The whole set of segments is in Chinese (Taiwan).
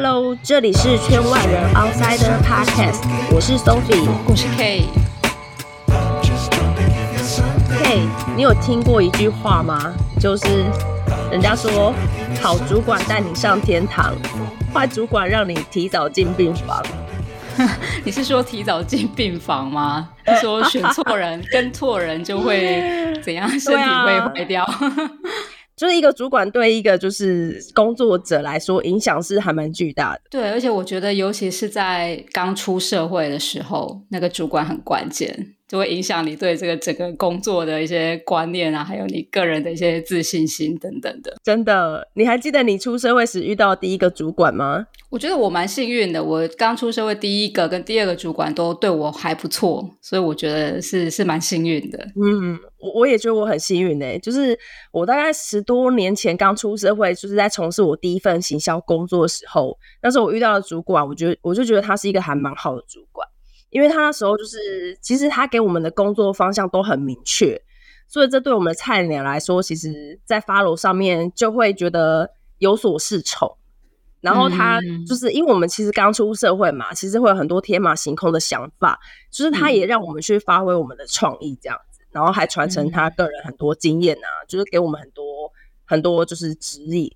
Hello，這裡是圈外人 Outsider Podcast，我是 Sophie，我是 K。Hey，K，你有聽過一句話嗎？就是人家說，好主管帶你上天堂，壞主管讓你提早進病房。 你是說提早進病房嗎？說選錯人，跟錯人就會怎樣身體被壞掉？ 就是一個主管對一個就是工作者來說，影響是還蠻巨大的。對，而且我覺得尤其是在剛出社會的時候，那個主管很關鍵。就會影響你對這個整個工作的一些觀念啊，還有你個人的一些自信心等等的。真的，你還記得你出社會時遇到的第一個主管嗎？我覺得我蠻幸運的，我剛出社會第一個跟第二個主管都對我還不錯，所以我覺得是是蠻幸運的。嗯，我我也覺得我很幸運誒、欸，就是我大概十多年前剛出社會，就是在從事我第一份行銷工作的時候，但是我遇到的主管，我覺得我就覺得他是一個還蠻好的主管。因為他那時候就是，其實他給我們的工作方向都很明確，所以這對我們的菜鳥來說，其實在 follow 上面就會覺得有所適從。然後他就是、嗯，因為我們其實剛出社會嘛，其實會有很多天馬行空的想法，就是他也讓我們去發揮我們的創意這樣子，然後還傳承他個人很多經驗啊，嗯、就是給我們很多很多就是指引。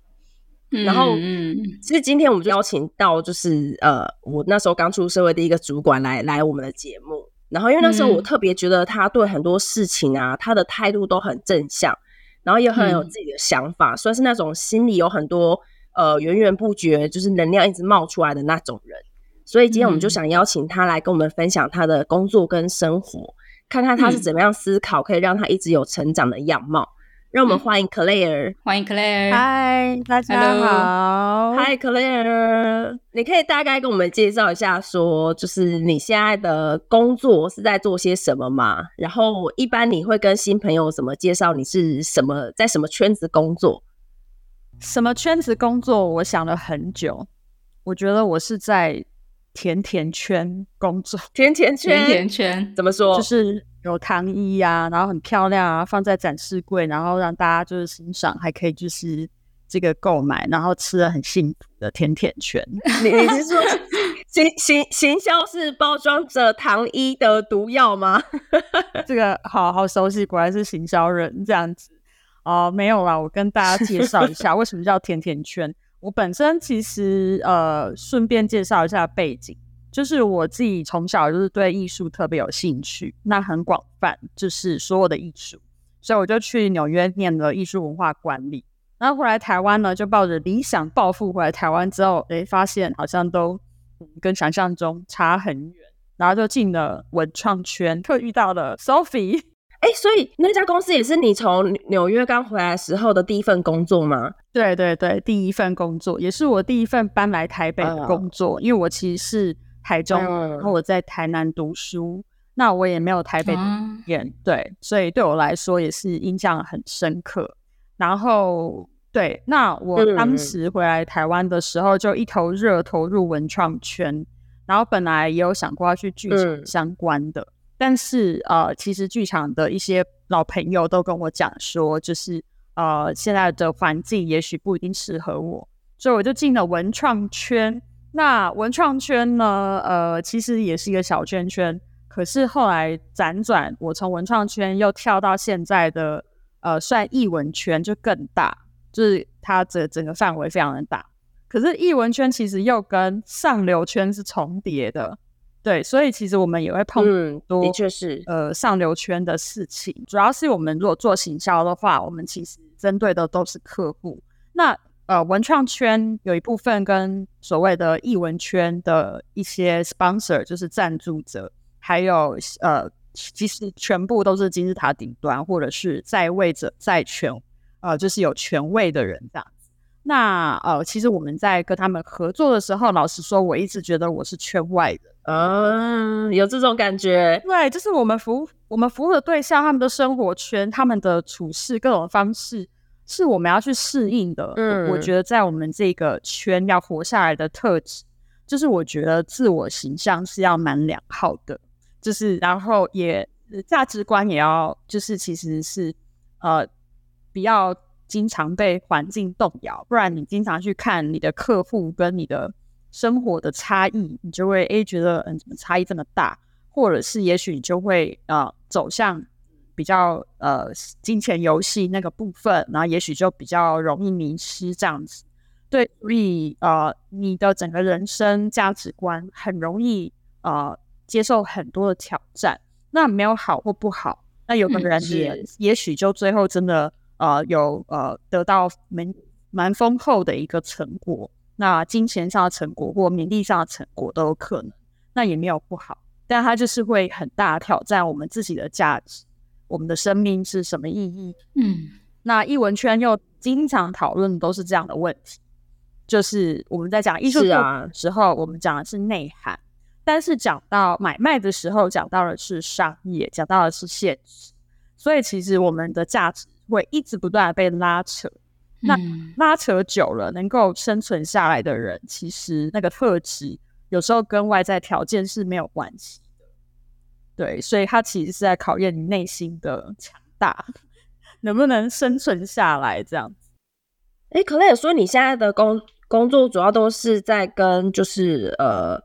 然後，嗯，其實今天我們就邀請到，就是呃，我那時候剛出社會的一個主管來來我們的節目。然後，因為那時候我特別覺得他對很多事情啊，嗯，他的態度都很正向，然後也很有自己的想法，嗯，算是那種心裡有很多呃源源不絕，就是能量一直冒出來的那種人。所以今天我們就想邀請他來跟我們分享他的工作跟生活，看看他是怎麼樣思考，可以讓他一直有成長的樣貌。嗯嗯讓我們歡迎 Claire。嗯。歡迎 Claire。Hi，大家好。Hi，Claire。你可以大概跟我們介紹一下說，說就是你現在的工作是在做些什麼嘛？然後一般你會跟新朋友怎麼介紹？你是什麼在什麼圈子工作？什麼圈子工作？我想了很久，我覺得我是在甜甜圈工作。甜甜圈，甜甜圈，怎麼說？就是。有糖衣啊，然後很漂亮啊，放在展示櫃，然後讓大家就是欣賞，還可以就是這個購買，然後吃了很幸福的甜甜圈。 你你是說行行行銷是包裝着糖衣的毒藥嗎？ 這個好好熟悉，果然是行銷人這樣子哦，呃，沒有啦，我跟大家介紹一下為什麼叫甜甜圈。 我本身其實呃，順便介紹一下背景。就是我自己從小就是對藝術特別有興趣，那很廣泛，就是所有的藝術，所以我就去紐約念了藝術文化管理。然後後來台灣呢，就抱着理想抱負回來台灣之後，誒、哎，發現好像都、嗯、跟想象中差很遠，然後就進了文創圈，特遇到了 Sophie。誒、欸，所以那家公司也是你從紐約剛回來的時候的第一份工作嗎？對對對，第一份工作也是我第一份搬來台北的工作，oh, oh. 因為我其實是。台中，然後我在台南讀書，uh, 那我也沒有台北的語言，uh. 對，所以對我來說也是印象很深刻。然後對，那我當時回來台灣的時候，就一頭熱投入文創圈，uh. 然後本來也有想過要去劇場相關的，uh. 但是呃，其實劇場的一些老朋友都跟我講說，就是呃現在的環境也許不一定適合我，所以我就進了文創圈。那文創圈呢？呃，其實也是一個小圈圈。可是後來輾轉，我從文創圈又跳到現在的呃，算藝文圈就更大，就是它整整個範圍非常的大。可是藝文圈其實又跟上流圈是重疊的，對，所以其實我們也會碰很多，嗯，的確是呃上流圈的事情。主要是我們如果做行銷的話，我們其實針對的都是客戶。那呃，文創圈有一部分跟所謂的藝文圈的一些 sponsor，就是贊助者，還有呃，其實全部都是金字塔頂端或者是在位者、在權，呃，就是有權位的人這樣子。那呃，其實我們在跟他們合作的時候，老實說，我一直覺得我是圈外的。嗯，有這種感覺。對，就是我們服我們服務的對象，他們的生活圈、他們的處事各種方式。是我們要去適應的。嗯，我覺得在我們這個圈要活下來的特質，就是我覺得自我形象是要蠻良好的，就是然後也價值觀也要，就是其實是呃不要經常被環境動搖。不然你經常去看你的客戶跟你的生活的差異，你就會誒、欸、覺得嗯怎麼差異這麼大，或者是也許你就會呃走向。比較呃金錢遊戲那個部分，然後也許就比較容易迷失這樣子，對，所以呃你的整個人生價值觀很容易呃接受很多的挑戰。那沒有好或不好，那有的人也也許、嗯、就最後真的呃有呃得到蠻蠻豐厚的一個成果，那金錢上的成果或名利上的成果都有可能，那也沒有不好，但它就是會很大挑戰我們自己的價值。我們的生命是什麼意義？嗯，那藝文圈又經常討論都是這樣的問題，就是我們在講藝術的時候，我們講的是內涵是、啊，但是講到買賣的時候，講到的是商業，講到的是現實。所以其實我們的價值會一直不斷的被拉扯，嗯，那拉扯久了，能夠生存下來的人，其實那個特質有時候跟外在條件是沒有關係。對，所以他其實是在考驗你內心的強大，能不能生存下來這樣子。哎、欸，Claire 說，你現在的工、工作主要都是在跟就是呃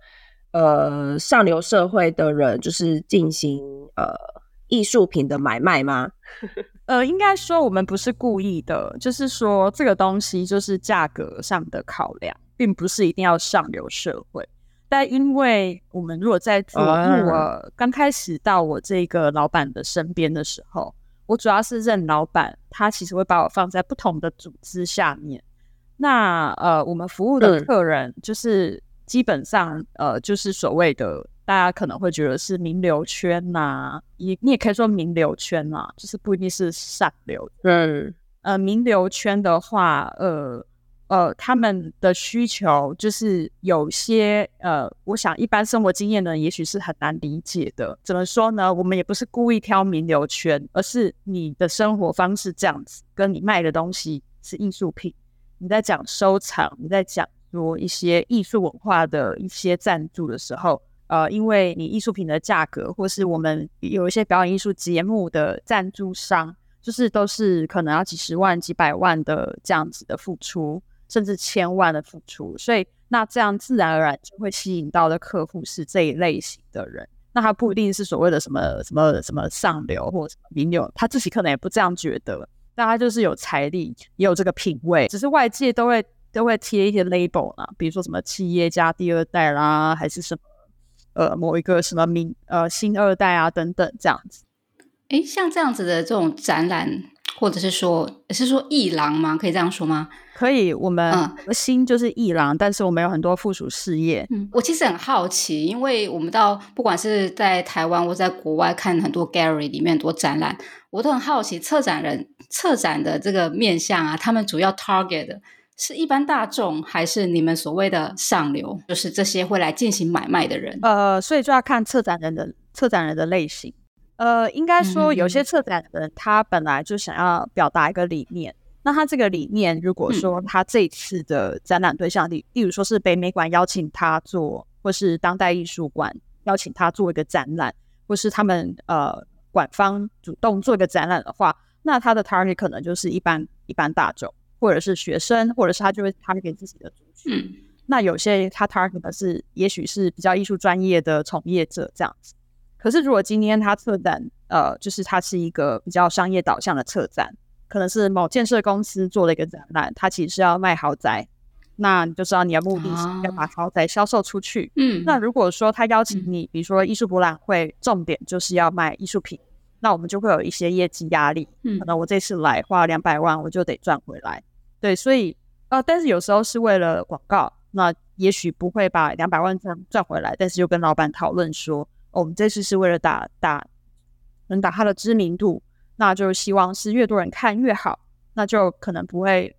呃上流社會的人就是進行呃藝術品的買賣嗎？ 呃，應該說我們不是故意的，就是說這個東西就是價格上的考量，並不是一定要上流社會。但因為我們如果在做，我剛開始到我這個老板的身邊的時候，我主要是認老闆，他其實會把我放在不同的組織下面。那呃，我們服務的客人就是基本上呃，就是所謂的大家可能會覺得是名流圈吶、啊，也你也可以說名流圈啦、啊，就是不一定是上流。嗯，呃，名流圈的話，呃。呃，他們的需求就是有些呃，我想一般生活經驗呢，也許是很難理解的。怎麼說呢？我們也不是故意挑名流圈，而是你的生活方式這樣子，跟你賣的東西是藝術品。你在講收藏，你在講說一些藝術文化的一些贊助的時候，呃，因為你藝術品的價格，或是我們有一些表演藝術節目的贊助商，就是都是可能要幾十萬、幾百萬的這樣子的付出。甚至千萬的付出，所以那這樣自然而然就會吸引到的客戶是這一類型的人。那他不一定是所謂的什麼什麼什麼上流或者名流，他自己可能也不這樣覺得。但他就是有財力，也有這個品味，只是外界都會都會貼一些 label 呢、啊，比如說什麼企業家第二代啦，還是什麼呃某一個什麼名呃星二代啊等等這樣子。哎，像這樣子的這種展覽。或者是說，是說藝廊嗎？可以這樣說嗎？可以，我們核心就是藝廊，嗯，但是我們有很多附屬事業。嗯，我其實很好奇，因為我們到不管是在台灣或在國外看很多 gallery 裡面很多展覽，我都很好奇策展人策展的這個面向啊，他們主要 target 的是一般大眾，還是你們所謂的上流，就是這些會來進行買賣的人？呃，所以就要看策展人的策展人的類型。呃，應該說，有些策展的人他本來就想要表達一個理念，嗯，那他這個理念，如果說他這次的展覽對象，例例如說是北美館邀請他做，或是當代藝術館邀請他做一個展覽，或是他們呃館方主動做一個展覽的話，那他的 target 可能就是一般一般大眾，或者是學生，或者是他就會 target 自己的族群，嗯。那有些他 target 的是，也許是比較藝術專業的從業者這樣子。可是，如果今天他策展，呃，就是它是一個比較商業導向的策展，可能是某建設公司做了一個展覽，它其實是要賣豪宅，那你就知道你的目的是要把豪宅銷售出去、啊。嗯，那如果說他邀請你，嗯、比如說藝術博覽會，重點就是要賣藝術品，那我們就會有一些業績壓力。嗯，可能我這次來花兩百萬，我就得賺回來、嗯。對，所以，呃，但是有時候是為了廣告，那也許不會把兩百萬賺賺回來，但是就跟老闆討論說。哦、我們這次是為了打打，能打他的知名度，那就希望是越多人看越好，那就可能不會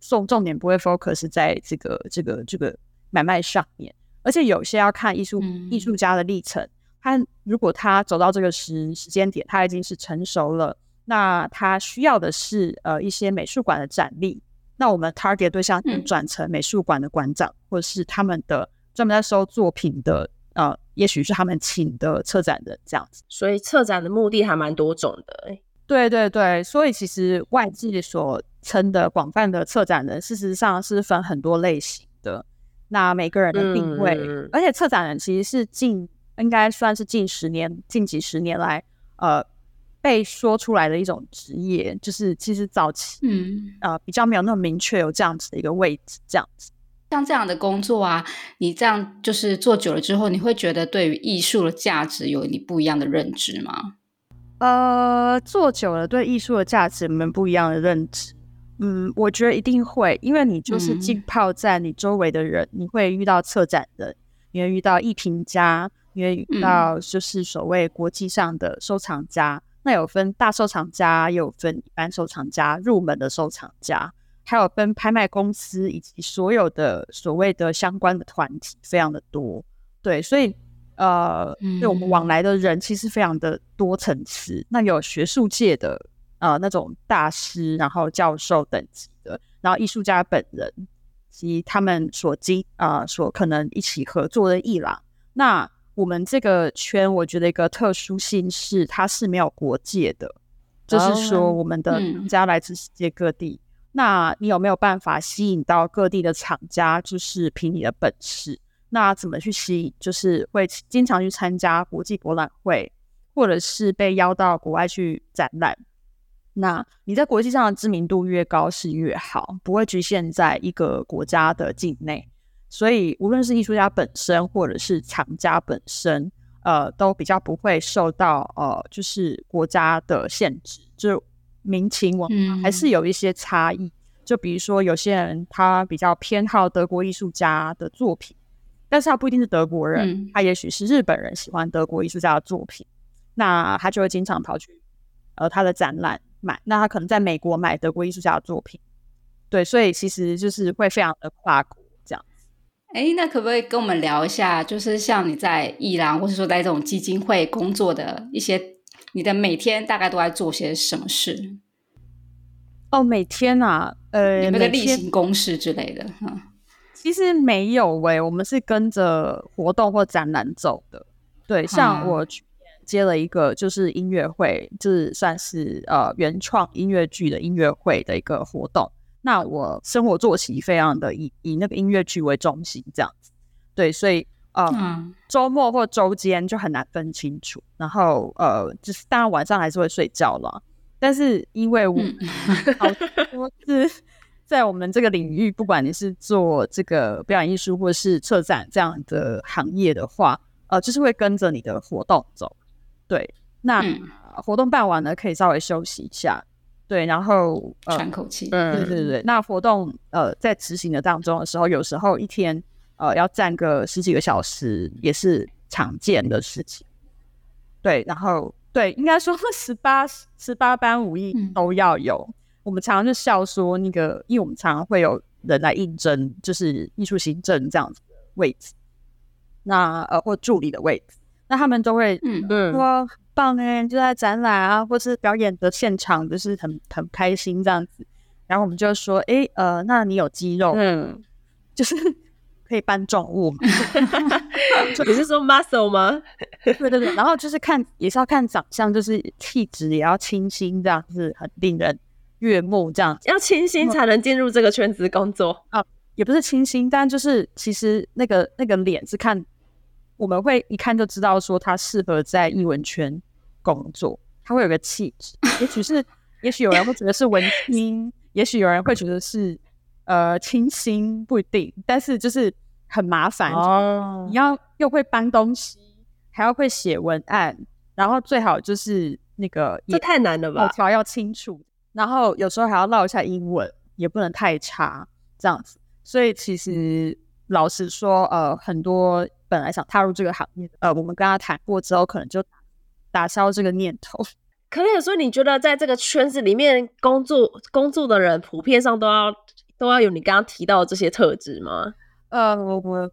重重點不會 focus 在這個這個這個買賣上面，而且有些要看藝術藝術家的歷程，他、嗯、如果他走到這個時時間點，他已經是成熟了，那他需要的是呃一些美術館的展歷，那我們 target 對象轉成美術館的館長、嗯、或者是他們的專門在收作品的。呃，也許是他們請的策展人這樣子，所以策展的目的還蠻多種的欸。對對對，所以其實外界所稱的廣泛的策展人，事實上是分很多類型的。那每個人的定位、嗯，而且策展人其實是近應該算是近十年、近幾十年來呃被說出來的一種職業，就是其實早期嗯呃比較沒有那麼明確有這樣子的一個位置這樣子。像這樣的工作啊，你這樣就是做久了之後，你會覺得對於藝術的價值有你不一樣的認知嗎？呃，做久了對藝術的價值有沒有不一樣的認知，嗯，我覺得一定會，因為你就是浸泡在你周圍的人，嗯，你會遇到策展人，你會遇到藝評家，你會遇到就是所謂國際上的收藏家，嗯，那有分大收藏家，也有分一般收藏家，入門的收藏家。還有跟拍賣公司以及所有的所謂的相關的團體非常的多，對，所以呃，對我們往來的人其實非常的多層次。那有學術界的呃，那種大師，然後教授等級的，然後藝術家本人及他們所經啊、呃，所可能一起合作的藝廊。那我們這個圈，我覺得一個特殊性是，它是沒有國界的，就是說我們的人家來自世界各地。那你有沒有辦法吸引到各地的藏家？就是憑你的本事，那怎麼去吸引？就是會經常去參加國際博覽會，或者是被邀到國外去展覽。那你在國際上的知名度越高是越好，不會局限在一個國家的境內。所以無論是藝術家本身，或者是藏家本身，呃，都比較不會受到呃，就是國家的限制。就是民情我還是有一些差異，嗯，就比如說有些人他比較偏好德國藝術家的作品，但是他不一定是德國人，嗯，他也許是日本人喜歡德國藝術家的作品，那他就會經常跑去呃他的展覽買，那他可能在美國買德國藝術家的作品，對，所以其實就是會非常的跨國這樣。哎，欸，那可不可以跟我們聊一下，就是像你在藝廊或者說在這種基金會工作的一些？你的每天大概都在做些什麼事？哦，每天啊，呃，那個例行公事之類的，哈，其實沒有喂、欸，我們是跟着活動或展覽走的。對、嗯，像我去接了一個就是音樂會，就是算是呃原創音樂劇的音樂會的一個活動。那我生活作息非常的以以那個音樂劇為中心這樣子。對，所以。嗯，週、嗯、末或週間就很難分清楚。然後，呃，就是當然晚上還是會睡覺了。但是，因為我好多次在我們這個領域，不管你是做這個表演藝術或是策展這樣的行業的話，呃，就是會跟着你的活動走。對，那、啊、活動辦完了可以稍微休息一下。對，然後、呃、喘口氣。嗯、呃，對對對。那活動呃，在執行的當中的時候，有時候一天。呃，要站個十幾個小時也是常見的事情，對。然後對，應該說十八十八般武藝都要有，嗯。我們常常就笑說那個，因為我們常常會有人來應徵，就是藝術行政這樣子的位置，那呃或助理的位置，那他們都會嗯嗯說棒哎、欸，你就在展覽啊或是表演的現場，就是很很開心這樣子。然後我們就說哎、欸、呃，那你有肌肉，嗯，就是。可以搬重物嗎？你 是說 muscle 嗎？對對對，然後就是看，也是要看長相，就是氣質也要清新，這樣子很令人悅目，這樣要清新才能進入這個圈子工作 啊，也不是清新，但就是其實那個那個臉是看，我們會一看就知道說他適合在藝文圈工作，他會有個氣質，也許是， 也許有人會覺得是文青，也許有人會覺得是。 呃，清新不一定，但是就是很麻煩。哦、oh.，你要又會搬東西，還要會寫文案，然後最好就是那個這太難了吧？條要，要清楚，然後有時候還要落一下英文，也不能太差這樣子。所以其實老實說，呃，很多本來想踏入這個行業呃，我們跟他談過之後，可能就打消這個念頭。可能有時候你覺得在這個圈子裡面工作工作的人，普遍上都要。都要、啊、有你剛剛提到這些特質嗎？呃，我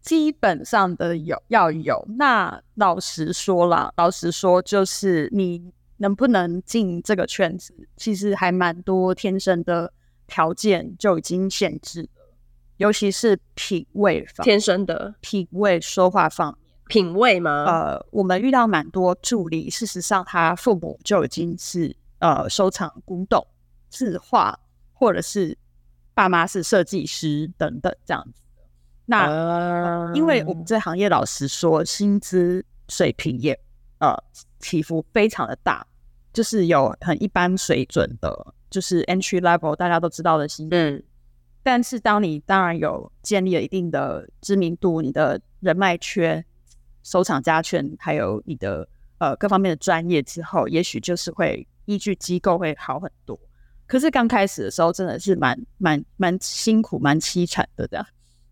基本上的有要有。那老實說啦，老實說，就是你能不能進這個圈子，其實還蠻多天生的條件就已經限制了，尤其是品味方，天生的品味說話方面，品味嗎？呃，我們遇到蠻多助理，事實上他父母就已經是呃收藏古董、字畫或者是。爸媽是設計師等等這樣子的，那、uh, 呃、因為我們這行業老實說，薪資水平也呃起伏非常的大，就是有很一般水準的，就是 entry level 大家都知道的薪資、嗯。但是當你當然有建立了一定的知名度、你的人脈圈、收藏家圈，還有你的呃各方面的專業之後，也許就是會依據機構會好很多。可是剛開始的時候真的是蠻蠻蠻辛苦，蠻淒慘的這樣，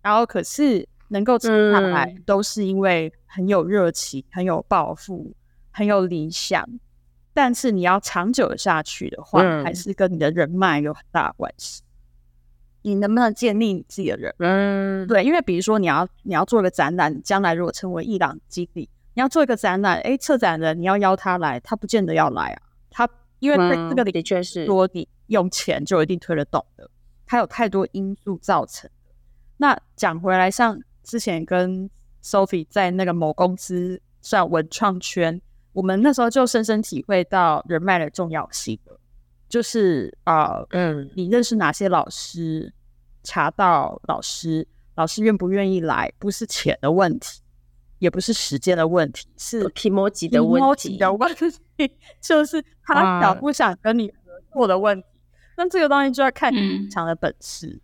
然後可是能夠撐下來，都是因為很有熱情，嗯、很有抱負，很有理想。但是你要長久下去的話，嗯，還是跟你的人脈有很大關係。你能不能建立你自己的人？嗯，對，因為比如說你要你要做一個展覽，將來如果成為藝廊基地，你要做一個展覽，哎，策展人你要邀他來，他不見得要來啊。因為這個的確是說，你用錢就一定推得動的、嗯，它有太多因素造成的。嗯、那講回來，像之前跟 Sophie 在那個某公司算文創圈，我們那時候就深深體會到人脈的重要性，就是啊、呃，嗯，你認識哪些老師，查到老師，老師願不願意來，不是錢的問題，也不是時間的問題，是 kimochi 的問題。 就是他想不想跟你合作的問題，那這個東西就要看你平常的本事。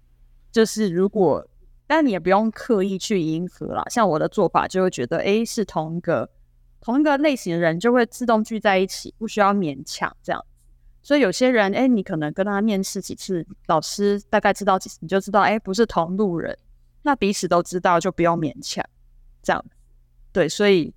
就是如果，但你也不用刻意去迎合了。像我的做法，就會覺得，哎，是同一個同一個類型的人，就會自動聚在一起，不需要勉強這樣子。所以有些人，哎，你可能跟他面試幾次，老師大概知道幾次，你就知道，哎，不是同路人，那彼此都知道，就不用勉強這樣。對，所以。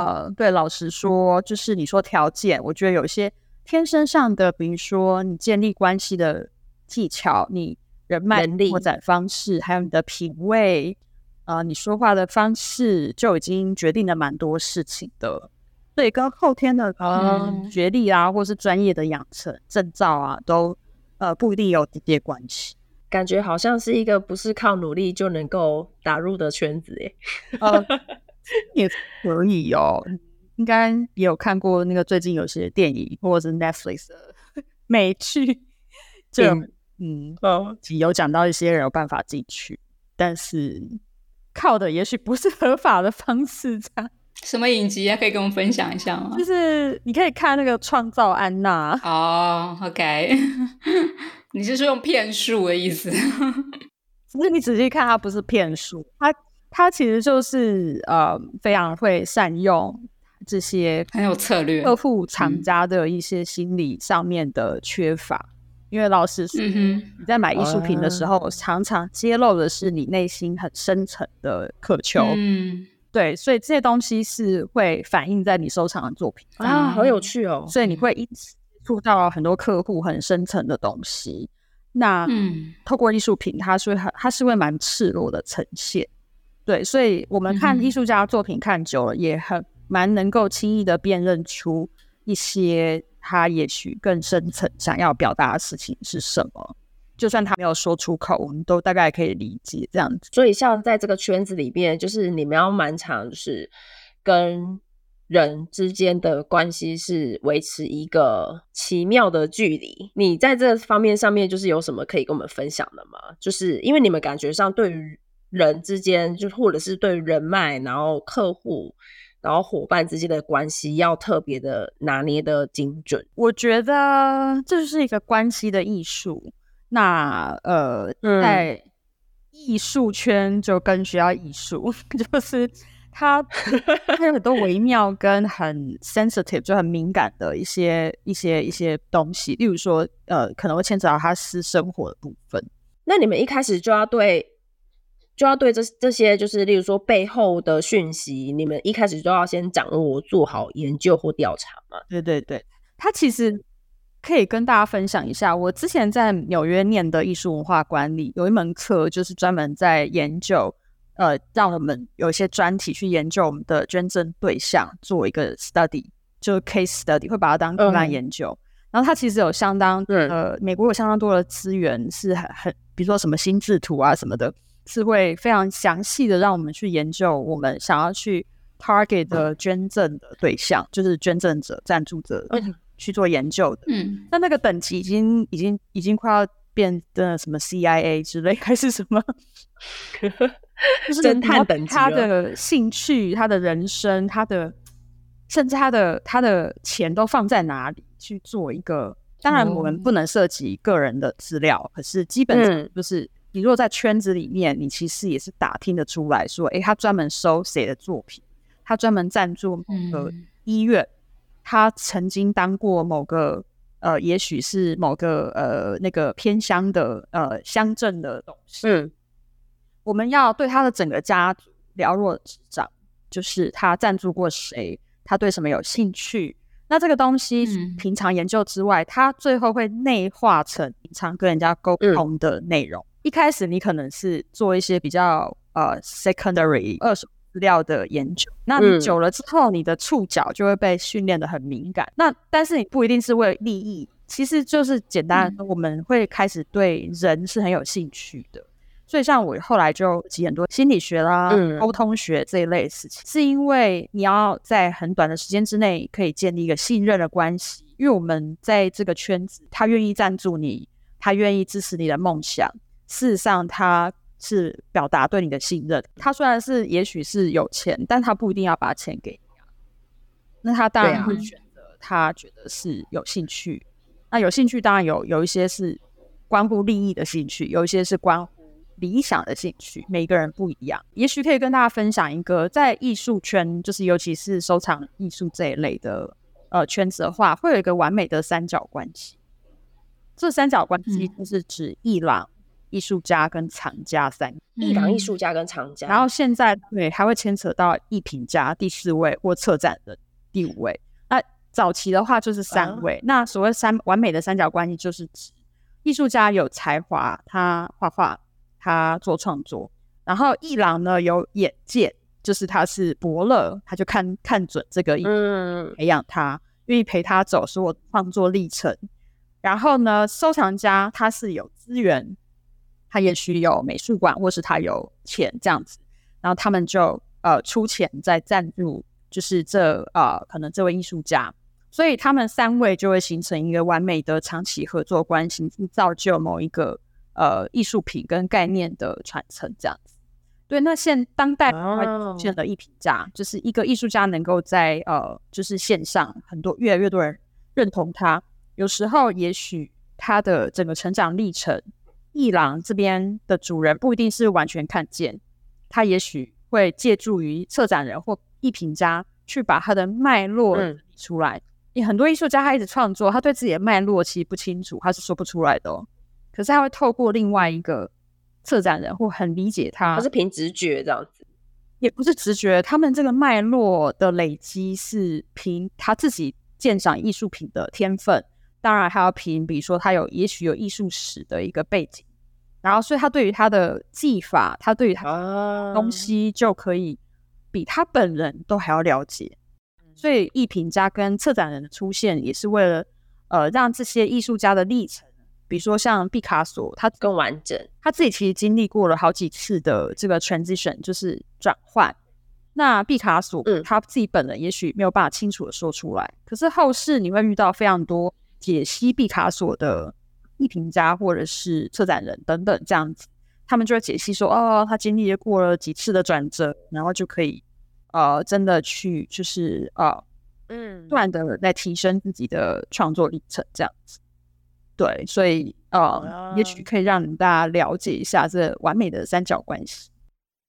呃，對，老實說，就是你說條件，我覺得有些天生上的，比如說你建立關係的技巧、你人脈力拓展方式，還有你的品味，啊、呃，你說話的方式，就已經決定了蠻多事情的。對，跟後天的啊學歷啊，或是專業的養成、證照啊，都呃不一定有直接關係。感覺好像是一個不是靠努力就能夠打入的圈子耶，哎、呃。 也可以哦，應該也有看過那個最近有些電影，或者是 Netflix 的美劇， 就嗯哦，嗯 oh. 有講到一些人有辦法進去，但是靠的也許不是合法的方式。這樣什麼影集也可以跟我們分享一下嗎？ 就是你可以看那個《創造安娜》哦。Oh, OK， 你是說用騙術的意思？不 是你仔細看，它不是騙術，他其實就是呃，非常會善用這些很有策略客戶、藏家的一些心理上面的缺乏。嗯、因為老實說，嗯、你在買藝術品的時候、嗯，常常揭露的是你內心很深層的渴求、嗯。對，所以這些東西是會反映在你收藏的作品啊，好有趣哦！所以你會一直接觸到很多客戶很深層的東西。嗯、那透過藝術品它，它是會它是會蠻赤裸的呈現。對，所以我們看藝術家作品看久了，嗯、也很蠻能夠輕易的辨認出一些他也許更深層想要表達的事情是什麼，就算他沒有說出口，我們都大概可以理解這樣子。所以，像在這個圈子裡面，就是你們要蠻長，就是跟人之間的關係是維持一個奇妙的距離。你在這方面上面，就是有什麼可以跟我們分享的嗎？就是因為你們感覺上對於。人之間，就是或者是對人脈，然後客戶，然後夥伴之間的關係，要特別的拿捏的精準。我覺得這就是一個關係的藝術。那呃，嗯、在藝術圈，就更需要藝術，就是它它有很多微妙跟很 sensitive 就很敏感的一些一些一些東西，例如說呃，可能會牽扯到他私生活的部分。那你們一開始就要對。就要對這這些就是，例如說背後的訊息，你們一開始就要先掌握我，做好研究或調查嘛。對對對，他其實可以跟大家分享一下，我之前在紐約念的藝術文化管理有一門課，就是專門在研究，呃，讓我們有一些專題去研究我們的捐贈對象，做一個 study 就是 case study，會把它當個案研究。嗯、然後它其實有相當對呃，美國有相當多的資源，是很很，比如說什麼心智圖啊什麼的。是會非常詳細的讓我們去研究我們想要去 target 的捐贈的對象，嗯、就是捐贈者、贊助者、嗯、去做研究的。嗯，那那個等級已經、已經、已經快要變成什麼 CIA 之類，還是什麼？偵 探是他 等級。他的興趣、他的人生、他的甚至他的他的錢都放在哪裡去做一個？嗯、當然，我們不能涉及個人的資料，可是基本上就是、嗯。你若在圈子裡面，你其實也是打聽得出來說，誒、欸，他專門收誰的作品，他專門贊助某個醫院、嗯，他曾經當過某個呃，也許是某個呃那個偏鄉的呃鄉鎮的董事、嗯。我們要對他的整個家族了若指掌，就是他贊助過誰，他對什麼有興趣。那這個東西平常研究之外，他、嗯、最後會內化成平常跟人家溝通的內容。嗯一開始你可能是做一些比較呃 secondary 二手資料的研究，那你久了之後，嗯、你的觸角就會被訓練得很敏感。那但是你不一定是為了利益，其實就是簡單的說、嗯，我們會開始對人是很有興趣的。所以像我後來就很多心理學啦、溝、嗯、通學這一類的事情，是因為你要在很短的時間之內可以建立一個信任的關係，因為我們在這個圈子，他願意贊助你，他願意支持你的夢想。事實上，他是表達對你的信任的。他雖然是也許是有錢，但他不一定要把錢給你啊。那他當然會選擇他覺得是有興趣，啊。那有興趣當然有，有一些是關乎利益的興趣，有一些是關乎理想的興趣。每個人不一樣。也許可以跟大家分享一個，在藝術圈，就是尤其是收藏藝術這一類的呃圈子的話，會有一個完美的三角關係。這三角關係就是指藝廊藝術家跟藏家三，藝廊，藝術家跟藏家、嗯，然後現在對還會牽扯到藝評家第四位或策展人第五位。那早期的話就是三位，那所謂三完美的三角關係就是指藝術家有才華，他畫畫，他做創作，然後藝廊呢有眼界，就是他是伯樂，他就看看準這個，嗯，培養他，願意陪他走所以我創作歷程。然後呢，收藏家他是有資源。他也許有美術館，或是他有錢這樣子，然後他們就呃出錢再贊助，就是這呃可能這位藝術家，所以他們三位就會形成一個完美的長期合作關係，造就某一個呃藝術品跟概念的傳承這樣子。對，那現當代出現的藝評家，oh. 就是一個藝術家能夠在呃就是線上很多越來越多人認同他，有時候也許他的整個成長歷程。藝廊這邊的主人不一定是完全看見，他也許會借助於策展人或藝評家去把他的脈絡理出來。你、嗯、很多藝術家他一直創作，他對自己的脈絡其實不清楚，他是說不出來的、喔。可是他會透過另外一個策展人或很理解他，他是憑直覺這樣子，也不是直覺，他們這個脈絡的累積是憑他自己鑑賞藝術品的天分。當然還要評，比如說他有也許有藝術史的一個背景，然後所以他對於他的技法，他對於他的東西就可以比他本人都還要了解。所以藝評家跟策展人的出現也是為了，呃，讓這些藝術家的歷程，比如說像畢卡索，他更完整。他自己其實經歷過了好幾次的這個 transition，就是轉換。那畢卡索，嗯，他自己本人也許沒有辦法清楚的說出來，可是後世你會遇到非常多。解析畢卡索的藝評家或者是策展人等等，這樣子，他們就會解析說：“哦，他經歷了過了幾次的轉折，然後就可以，呃，真的去就是呃嗯，不斷的在提升自己的創作歷程。”這樣子，對，所以呃，嗯、也許可以讓你們大家了解一下這完美的三角關係。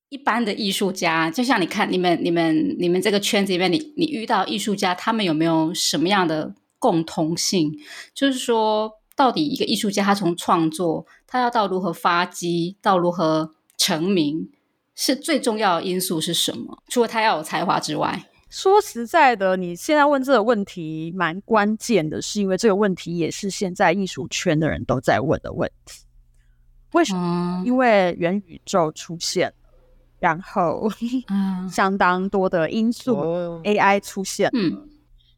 一般的藝術家，就像你看你們、你們、你們這個圈子裡面，你你遇到藝術家，他們有沒有什麼樣的？共通性就是說，到底一個藝術家他從創作，他要到如何發跡，到如何成名，是最重要的因素是什麼？除了他要有才華之外，說實在的，你現在問這個問題蠻關鍵的，是因為這個問題也是現在藝術圈的人都在問的問題。為什麼？嗯、因為元宇宙出現，然後、嗯、 相當多的因素、哦、AI 出現。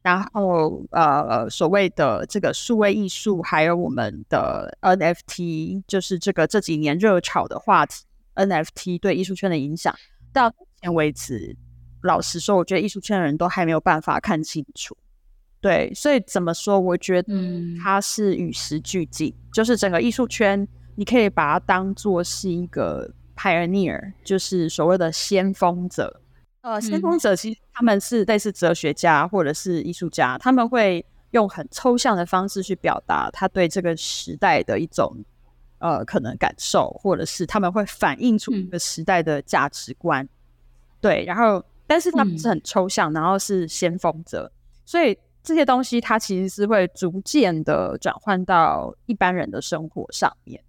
然後呃，所謂的這個數位藝術，還有我們的 NFT，就是這個這幾年熱炒的話題，NFT 對藝術圈的影響，到目前為止，老實說，我覺得藝術圈的人都還沒有辦法看清楚。對，所以怎麼說？我覺得它是與時俱進，嗯，就是整個藝術圈，你可以把它當做是一個 pioneer，就是所謂的先鋒者。呃，先鋒者其實他們是類似哲學家或者是藝術家，他們會用很抽象的方式去表達他對這個時代的一種呃可能感受，或者是他們會反映出一個時代的價值觀。嗯。對，然後但是他們是很抽象，然後是先鋒者。嗯，所以這些東西它其實是會逐漸的轉換到一般人的生活上面。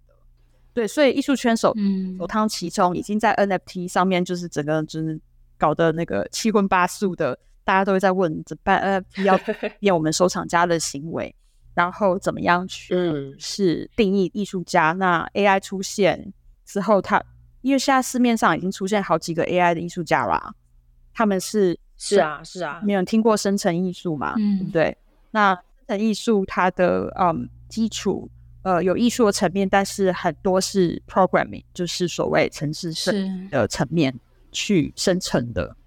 對，所以藝術圈首首當其衝已經在 NFT 上面，就是整個就是。搞得那個七葷八素的，大家都會在問怎麼辦？呃，要變我們收藏家的行為， 然後怎麼樣去？嗯，是定義藝術家。那 AI 出現之後，他，因為現在市面上已經出現好幾個 AI 的藝術家了，他們是是，是啊是啊，沒有聽過生成藝術嘛？對、嗯、不對？那生成藝術它的嗯基礎呃有藝術的層面，但是很多是 programming，就是所謂程式的層面。去生成的，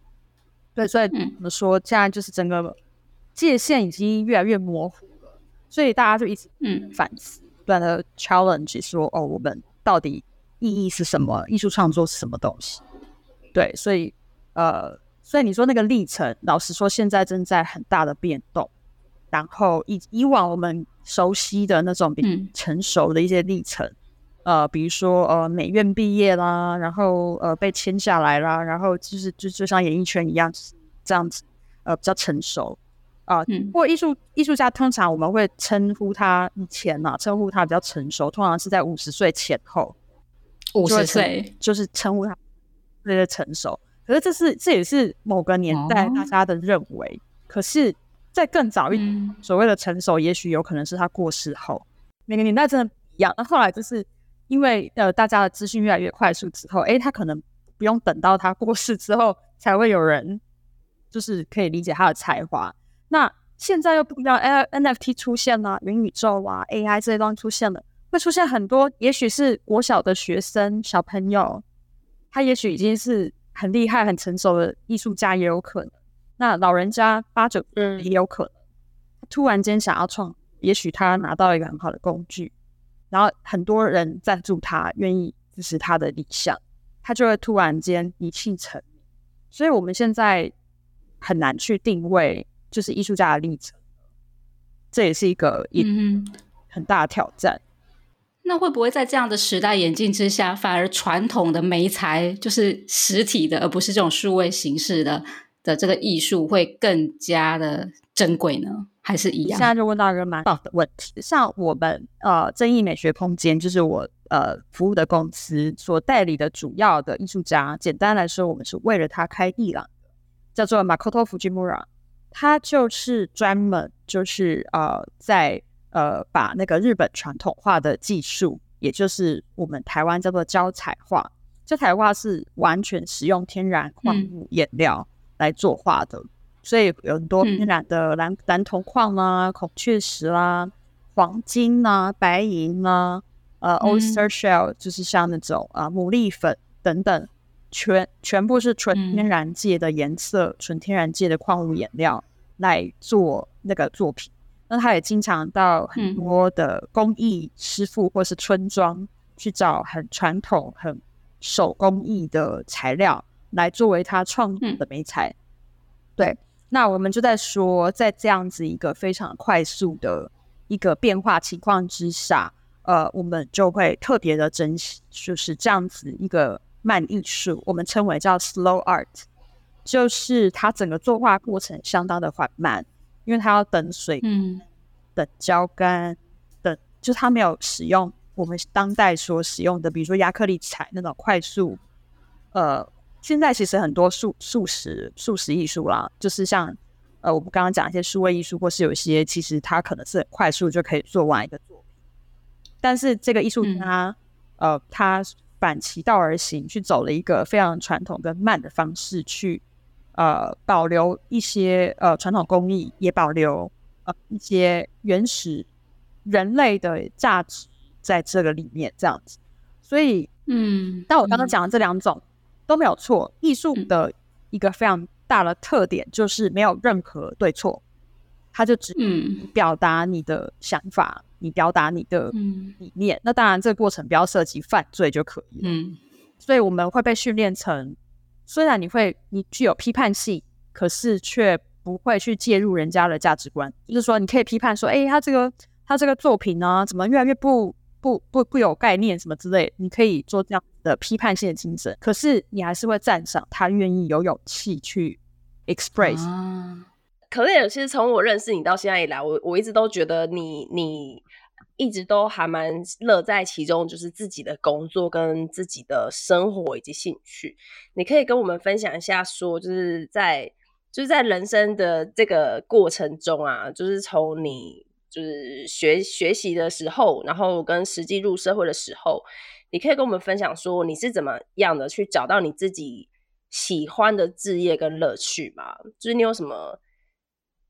對，所以我們說，現在就是整個界限已經越來越模糊了，所以大家就一直嗯反思，不、嗯、斷的 challenge 說，哦，我們到底意義是什麼？藝術創作是什麼東西？對，所以呃，所以你說那個歷程，老實說，現在正在很大的變動，然後以以往我們熟悉的那種比成熟的一些歷程。嗯呃，比如說呃，美院畢業啦，然後呃，被簽下來啦，然後就是就是，就像演藝圈一樣，這樣子，呃，比較成熟啊，呃，嗯，或藝術藝術家通常我們會稱呼他以前嘛，啊，稱呼他比較成熟，通常是在五十歲前後，五十歲就是稱呼他，特別成熟。可是這是這也是某個年代大家的認為，哦，可是，再更早一點，嗯，所謂的成熟，也許有可能是他過世後，每個年代真的不一樣。那後來就是。因為呃，大家的資訊越來越快速之後，誒、欸，他可能不用等到他過世之後才會有人，就是可以理解他的才華。那現在又不一樣，欸，NFT 出現了，啊，元宇宙啊，AI 這些東西出現了，會出現很多，也許是國小的學生小朋友，他也許已經是很厲害、很成熟的藝術家，也有可能。那老人家八九也有可能，突然間想要創，也許他拿到了一個很好的工具。然後很多人贊助他，願意支持他的理想，他就會突然間一夕成名。所以我們現在很難去定位就是藝術家的歷程，這也是一個一很大的挑戰。嗯。那會不會在這樣的時代演進之下，反而傳統的媒材就是實體的，而不是這種數位形式的的這個藝術，會更加的？珍貴呢？還是一樣？現在就問到一個蠻爆的問題。像我們呃，正藝美學空間，就是我呃服務的公司所代理的主要的藝術家。簡單來說，我們是為了他開藝廊的，叫做 Makoto Fujimura，他就是專門就是呃在呃把那個日本傳統畫的技術，也就是我們台灣叫做膠彩畫，膠彩畫是完全使用天然礦物顏料來作畫的。嗯所以有很多天然的藍、嗯、藍銅礦啦，孔雀石啦、啊、黃金啊、白銀啊、呃、嗯、oyster shell 就是像那種啊牡蠣粉等等，全全部是純天然界的顏色、純、嗯、天然界的礦物顏料來做那個作品。那他也經常到很多的工藝師傅或是村莊去找很傳統、很手工藝的材料來作為他創作的媒材、嗯，對。那我們就在說，在這樣子一個非常快速的一個變化情況之下，呃，我們就會特別的珍惜，就是這樣子一個慢藝術，我們稱為叫 slow art，就是它整個作畫過程相當的緩慢，因為它要等水，嗯，等膠乾，等，就是它沒有使用我們當代所使用的，比如說壓克力彩那種快速，呃。現在其實很多速速食速食藝術啦，就是像呃，我們剛剛講一些數位藝術，或是有一些其實它可能是很快速就可以做完一個作品，但是這個藝術家、嗯、呃，他反其道而行，去走了一個非常傳統跟慢的方式去呃保留一些呃傳統工藝，也保留呃一些原始人類的價值在這個裡面這樣子，所以嗯，但我剛剛講的這兩種。嗯都沒有錯。藝術的一個非常大的特點就是沒有任何對錯，它就只表達你的想法，你表達你的理念。那當然，這個過程不要涉及犯罪就可以了。所以我們會被訓練成，雖然你會你具有批判性，可是卻不會去介入人家的價值觀。就是說，你可以批判說：“哎，他這個他這個作品呢，怎麼越來越不？”不不不有概念什麼之類，你可以做這樣的批判性的精神，可是你還是會讚賞他願意有勇氣去 express。可是，嗯，其實從我認識你到現在以來，我我一直都覺得你你一直都還蠻樂在其中，就是自己的工作跟自己的生活以及興趣，你可以跟我們分享一下說，說就是在就是在人生的這個過程中啊，就是從你。就是學學習的時候，然後跟實際入社會的時候，你可以跟我們分享說你是怎麼樣的去找到你自己喜歡的職業跟樂趣嗎？就是你有什麼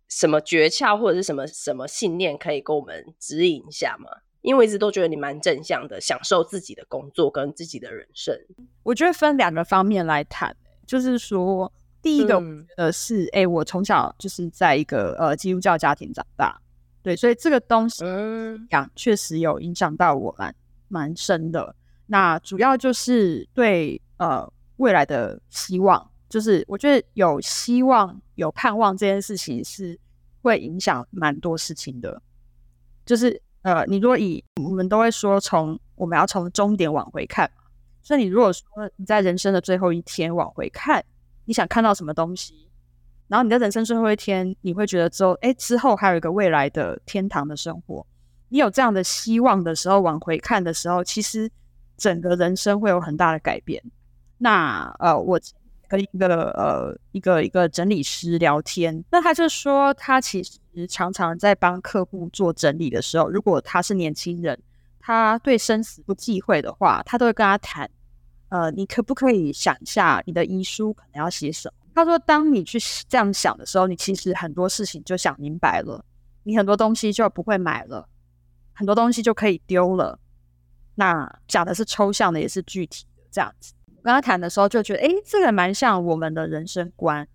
什麼訣竅或者是什麼什麼信念可以跟我們指引一下嗎？因為我一直都覺得你蠻正向的，享受自己的工作跟自己的人生。我覺得分兩個方面來談，就是說第一個呃是，哎、嗯欸，我從小就是在一個呃基督教家庭長大。對，所以這個東西，嗯，講確實有影響到我蠻蠻深的。那主要就是對呃未來的希望，就是我覺得有希望、有盼望這件事情是會影響蠻多事情的。就是呃，你若以我們都會說從，從我們要從終點往回看，所以你如果說你在人生的最後一天往回看，你想看到什麼東西？然後你的人生最後一天，你會覺得之後，哎，之後還有一個未來的天堂的生活。你有這樣的希望的時候，往回看的時候，其實整個人生會有很大的改變。那呃，我跟一個呃一個一個整理師聊天，那他就說，他其實常常在幫客戶做整理的時候，如果他是年輕人，他對生死不忌諱的話，他都會跟他談，呃，你可不可以想一下你的遺書可能要寫什麼？他說：“當你去這樣想的時候，你其實很多事情就想明白了，你很多東西就不會買了，很多東西就可以丟了。那講的是抽象的，也是具體的，這樣子。我跟他談的時候就覺得，誒、欸，這個蠻像我們的人生觀。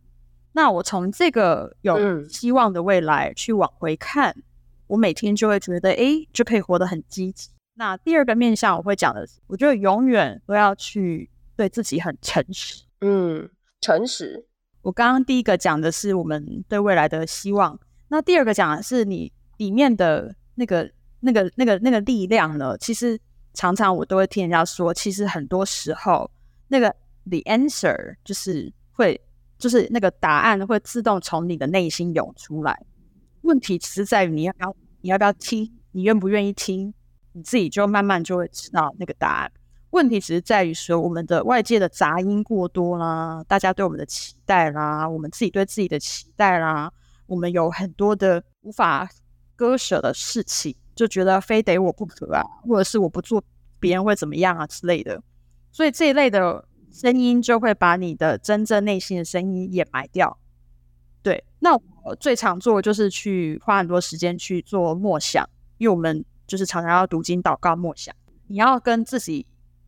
那我從這個有希望的未來去往回看，嗯、我每天就會覺得，誒、欸，就可以活得很積極。那第二個面向我會講的是，我覺得永遠都要去對自己很誠實。”嗯。誠實。我剛剛第一個講的是我們對未來的希望，那第二個講的是你裡面的那個、那個、那個、那個、那個、力量呢？其實常常我都會聽人家說，其實很多時候那個 the answer 就是會，就是那個答案會自動從你的內心湧出來。問題其實在於你要不要，你要不要聽，你願不願意聽，你自己就慢慢就會知道那個答案。問題只是在於說，我們的外界的雜音過多啦，大家對我們的期待啦，我們自己對自己的期待啦，我們有很多的無法割捨的事情，就覺得非得我不可啊，或者是我不做別人會怎麼樣啊之類的，所以這一類的聲音就會把你的真正內心的聲音掩埋掉。對，那我最常做的就是去花很多時間去做默想，因為我們就是常常要讀經、禱告、默想，你要跟自己。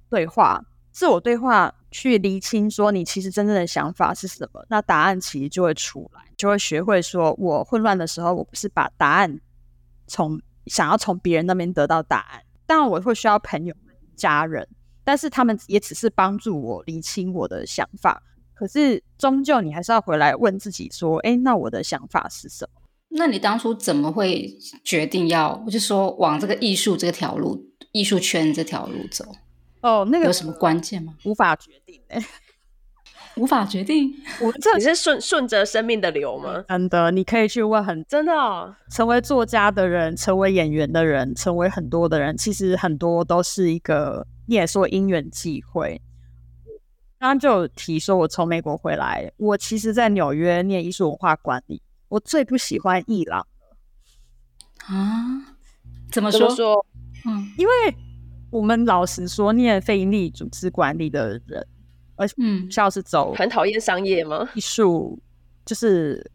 對話，自我對話，去釐清說你其實真正的想法是什麼，那答案其實就會出來，就會學會說，我混亂的時候，我不是把答案從想要從別人那邊得到答案，當然我會需要朋友、家人，但是他們也只是幫助我釐清我的想法，可是終究你還是要回來問自己說，誒，那我的想法是什麼？那你當初怎麼會決定要，我就說往這個藝術這條路、藝術圈這條路走？哦，那個有什麼關鍵嗎？無法決定哎、欸，無法決定。我這你是順順着生命的流嗎、嗯？真的，你可以去問很。真的、哦，成為作家的人，成為演員的人，成為很多的人，其實很多都是一個。你也說因緣際會，剛剛就提說，我從美國回來，我其實，在紐約念藝術文化管理。我最不喜歡藝廊啊。怎麼說？怎麼說嗯，因為。我們老實說，念非營利組織管理的人，而嗯，像是走很討厭商業嗎？藝術就是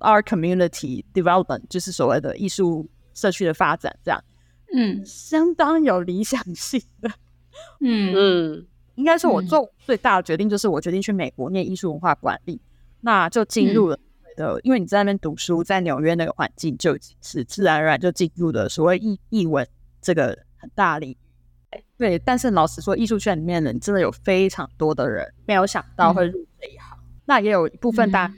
our community development，就是所謂的藝術社區的發展，這樣，嗯，相當有理想性的，嗯 嗯，應該說我做最大的決定就是我決定去美國念藝術文化管理，嗯、那就進入了的、嗯，因為你在那邊讀書，在紐約那個環境就是自然而然就進入了所謂藝、嗯、藝文這個很大的。對，但是老實說，藝術圈裡面人真的有非常多的人沒有想到會入這一行。嗯、那也有一部分大家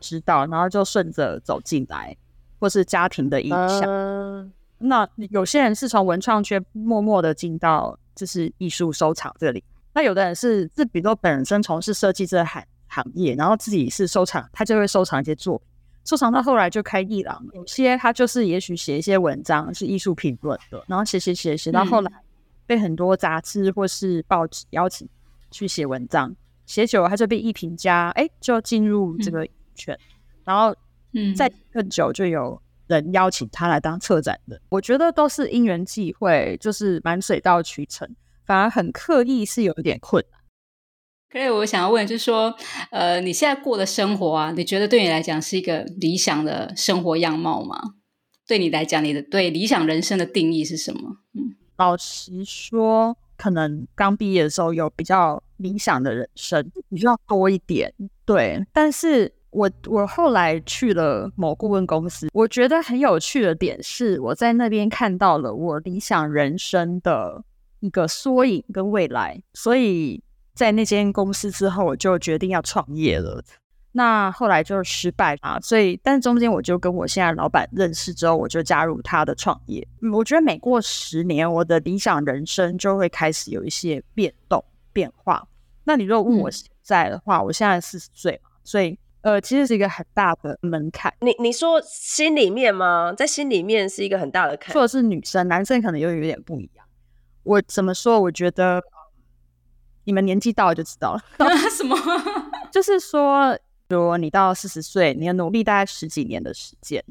知道、嗯，然後就順着走進來，或是家庭的影響、嗯。那有些人是從文創圈默默的進到就是藝術收藏這裡。那有的人是，這比如說本身從事設計這行行業，然後自己是收藏，他就會收藏一些作品，收藏到後來就開藝廊。有些他就是也許寫一些文章是藝術評論的，然後寫寫寫寫到後來、嗯。被很多雜誌或是報紙邀請去寫文章，寫久了他就被藝評家哎，就進入這個圈、嗯，然後嗯，再更久就有人邀請他來當策展的、嗯。我覺得都是因緣際會，就是蠻水到渠成，反而很刻意是有點困難。所以我想要問就是說，呃，你現在過的生活啊，你覺得對你來講是一個理想的生活樣貌嗎？對你來講，你的對理想人生的定義是什麼？嗯。老實說，可能剛畢業的時候有比較理想的人生比較多一點，對。但是我我後來去了某顧問公司，我覺得很有趣的點是，我在那邊看到了我理想人生的一個縮影跟未來，所以在那間公司之後，我就決定要創業了。那後來就失敗啊。所以，但中間我就跟我現在的老板認識之後，我就加入他的創業，嗯。我覺得每過十年，我的理想人生就會開始有一些變動變化。那你如果問我現在的話，嗯、我現在四十歲嘛，所以，呃，其實是一個很大的門檻。你你說心裡面嗎？在心裡面是一個很大的坎。或者是女生，男生可能又有點不一樣。我怎麼說？我覺得你們年紀到了就知道了。什麼？就是說。說你到四十歲，你要努力大概十幾年的時間，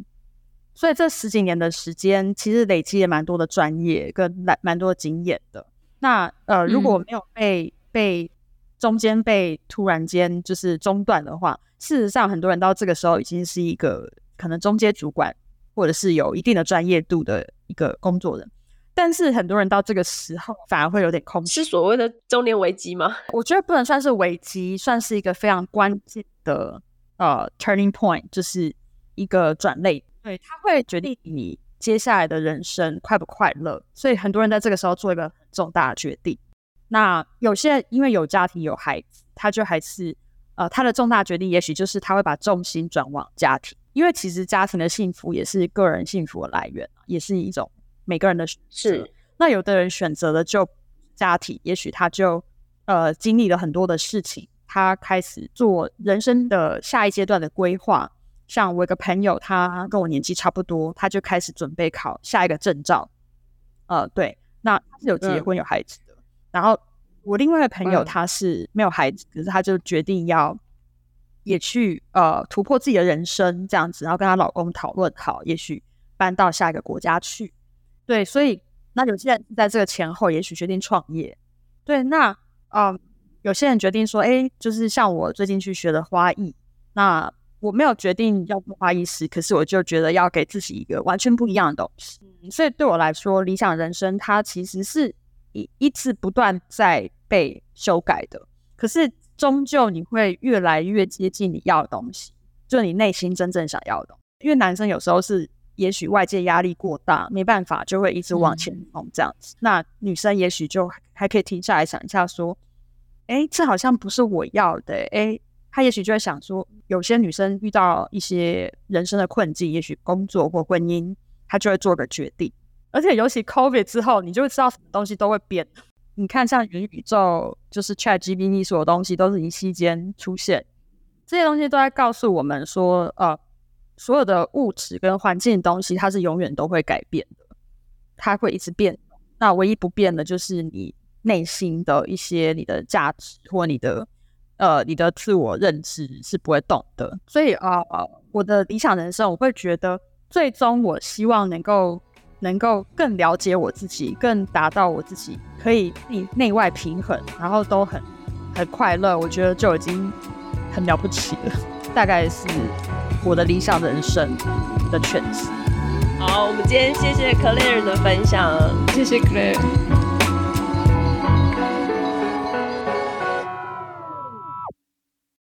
所以這十幾年的時間其實累積也蠻多的專業跟蠻蠻多經驗的。那呃、嗯，如果沒有被被中間被突然間就是中斷的話，事實上很多人到這個時候已經是一個可能中階、主管，或者是有一定的專業度的一個工作人。但是很多人到這個時候反而會有點空虛。是所謂的中年危機嗎？我覺得不能算是危機，算是一個非常關鍵的的呃，turning point 就是一個轉捩。對，他會決定你接下來的人生快不快樂。所以很多人在這個時候做一個重大的決定。那有些因為有家庭有孩子，他就還是呃他的重大的決定，也許就是他會把重心轉往家庭，因為其實家庭的幸福也是個人幸福的來源，也是一種每個人的選擇。是，那有的人選擇了就家庭，也許他就呃經歷了很多的事情。他開始做人生的下一階段的規劃，像我一個朋友，他跟我年紀差不多，他就開始準備考下一個證照。呃，對，那他是有結婚有孩子的。嗯、然後我另外一個朋友，他是沒有孩子，可、嗯、是他就決定要也去呃突破自己的人生這樣子，然後跟他老公討論，好，也許搬到下一個國家去。對，所以那有些人在這個前後，也許決定創業。對，那嗯。有些人決定說：“哎、欸，就是像我最近去學的花藝，那我沒有決定要做花藝師，可是我就覺得要給自己一個完全不一樣的東西。所以對我來說，理想人生它其實是一一次不斷在被修改的。可是終究你會越來越接近你要的東西，就你內心真正想要的東西。因為男生有時候是也許外界壓力過大，沒辦法就會一直往前衝這樣子、嗯。那女生也許就還可以停下來想一下說。”誒，這好像不是我要的誒。誒，他也許就會想說，有些女生遇到一些人生的困境，也許工作或婚姻，她就會做個決定。而且尤其 COVID 之後，你就會知道什麼東西都會變。你看，像元宇、宇宙，就是 ChatGPT，所有東西都是一瞬間出現，這些東西都在告訴我們說，呃，所有的物質跟環境的東西，它是永遠都會改變的，它會一直變。那唯一不變的就是你。內心的一些你的價值或你的呃你的自我認知是不會動的，所以啊、呃，我的理想人生，我會覺得最終我希望能夠能夠更了解我自己，更達到我自己可以你內外平衡，然後都很很快樂，我覺得就已經很了不起了， 大概是我的理想人生的詮釋。好，我們今天謝謝 Claire 的分享，謝謝 Claire。